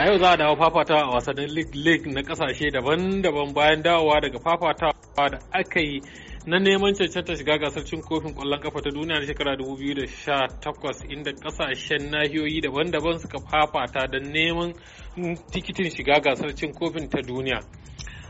a yau za a dawo fafata a wasannin league na kasashe daban-daban bayan dawowa daga fafatawa da aka yi na neman cancanta shiga gasar cin kofin kwallon kafa ta duniya na shekara 2018 inda kasashen nahiyoyi daban-daban suka fafata don neman tikitin shiga gasar cin kofin ta duniya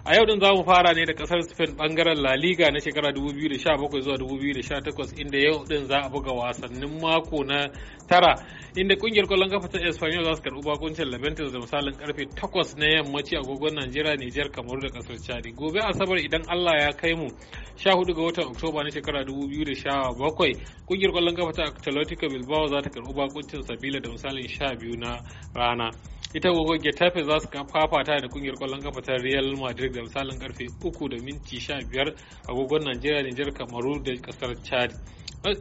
a yau din za mu fara ne da kasar spain bangaren la liga na shekara 2017 zuwa 2018 inda yau din za a buga wasannin mako na tara inda kungiyar kwallon kafa ta espanyol za su karbi bakuncin labentin da misalin karfe 8 na yammaci a gogon najeriya nijar kamaru da kasar chadi gobe asabar idan allah ya kai mu 14 ga watan oktoba na shekara 2017 kungiyar kwallon kafa ta atletico bilbao za ta karbi bakuncin sabila da misalin 12 na rana ita gogo getafe za su fafata da kungiyar kwallon kafa ta real madrid da misalin karfe 3 da minti 15 agogon nigeria nijar kamaru da kasar chad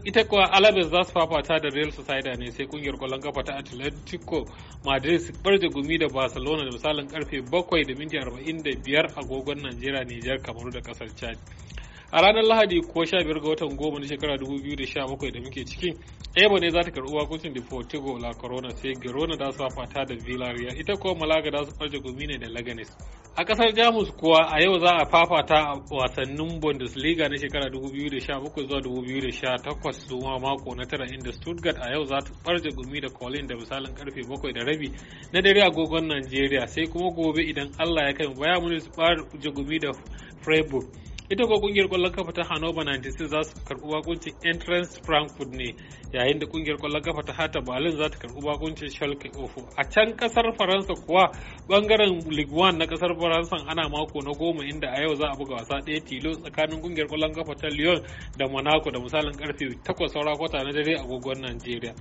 ita kuwa alabes za su fafata da real society ne sai kungiyar kwallon kafa ta atletico madrid su barje gumi da barcelona da misalin karfe 7 da minti 45 agogon nigeria nijar kamaru da kasar chad a ranar lahadi ko 15 ga watan goma na shekara 2017 da muke cikin ebo ne za ta karbi wakocin da fotigo la corona sai garona da su fata da villarreal ita kuma malaga da su farce gumi ne da laganes a kasar jamus kuwa a yau za a fafata a wasannin bundesliga na shekara 2017 zuwa 2018 zuwa mako na tara inda stuttgart a yau za ta farce gumi da colin da misalin karfe 7 da rabi na dare agogon nigeria sai kuma gobe idan allah ya kai baya munis farce gumi da freiburg ita ko kungiyar kwallon kafa ta Hannover 96 za su karbi bakuncin Entrance Frankfurt ne yayin da kungiyar kwallon kafa ta Hertha Berlin za ta karbi bakuncin Schalke 04 a can kasar Faransa kuwa bangaren Ligue 1 na kasar Faransa ana mako na goma inda a yau za a buga wasa ɗaya tilo tsakanin kungiyar kwallon kafa ta Lyon da Monaco da misalin karfe 8 saura kwata na dare agogon Najeriya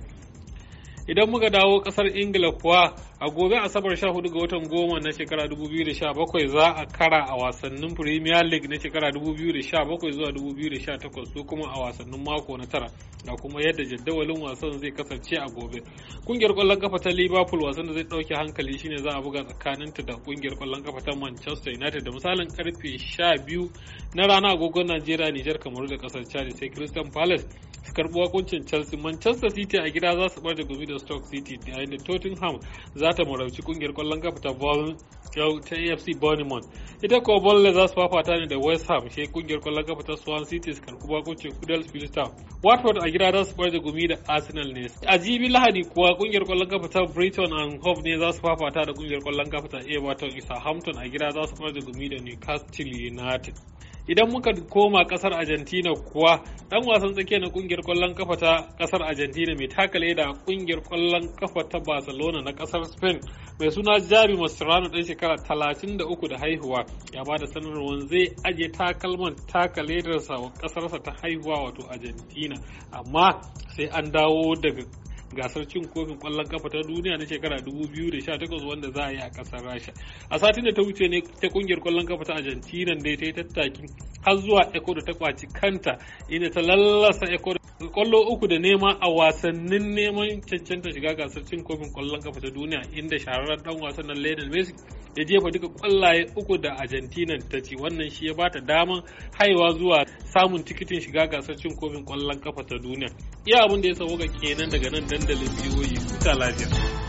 idan muka dawo kasar ingila kuwa a gobe asabar 14 ga watan goma na shekara 2017 za a kara a wasannin premier league na shekara 2017 zuwa 2018 su kuma a wasannin mako na tara da kuma yadda jadawalin wasan zai kasance a gobe kungiyar kwallon kafa ta liverpool wasan da zai dauke hankali shine za a buga tsakaninta da kungiyar kwallon kafa ta manchester united da misalin karfe 12 na rana agogon nigeria nijar kamaru da kasar chad sai crystal palace su karbi hukuncin chelsea manchester city a gida za su bar gumi da stoke city yayin da tottenham za ta marauci kungiyar kwallon kafa ta ta afc bournemouth ita ko bolle za su fafata ne da west ham sai kungiyar kwallon kafa ta swan city su karbi hukuncin huddersfield town watford a gida za su bar gumi da arsenal ne a jibi lahadi kuwa kuwa kungiyar kwallon kafa ta Brighton and Hove ne za su fafata da kungiyar kwallon kafa ta Everton isa Hampton a gida za su fara da gumi da Newcastle United. Idan muka koma kasar Argentina kuwa dan wasan tsakiya na kungiyar kwallon kafa ta kasar Argentina mai takale da kungiyar kwallon kafa ta Barcelona na kasar Spain mai suna Javi Mascherano dan shekara 33 da haihuwa ya bada sanarwar zai aje takalman takaledarsa wa kasarsa ta haihuwa wato Argentina amma sai an dawo daga gasar cin kofin kwallon kafa ta duniya na shekara 2018 wanda za a yi a kasar rasha a satin da ta wuce ne ta kungiyar kwallon kafa ta argentina da ta yi tattakin har zuwa ecuador ta kwaci kanta inda ta lallasa ecuador kwallo uku da nema a wasannin neman cancanta shiga gasar cin kofin kwallon kafa ta duniya inda shahararren dan wasan nan Lionel Messi ya jefa duka kwallaye uku da argentina ta ci wannan shi ya bata daman haiwa zuwa samun tikitin shiga gasar cin kofin kwallon kafa ta duniya iya abin da ya sauka kenan daga nan dandalin biyoyi e. huta lafiya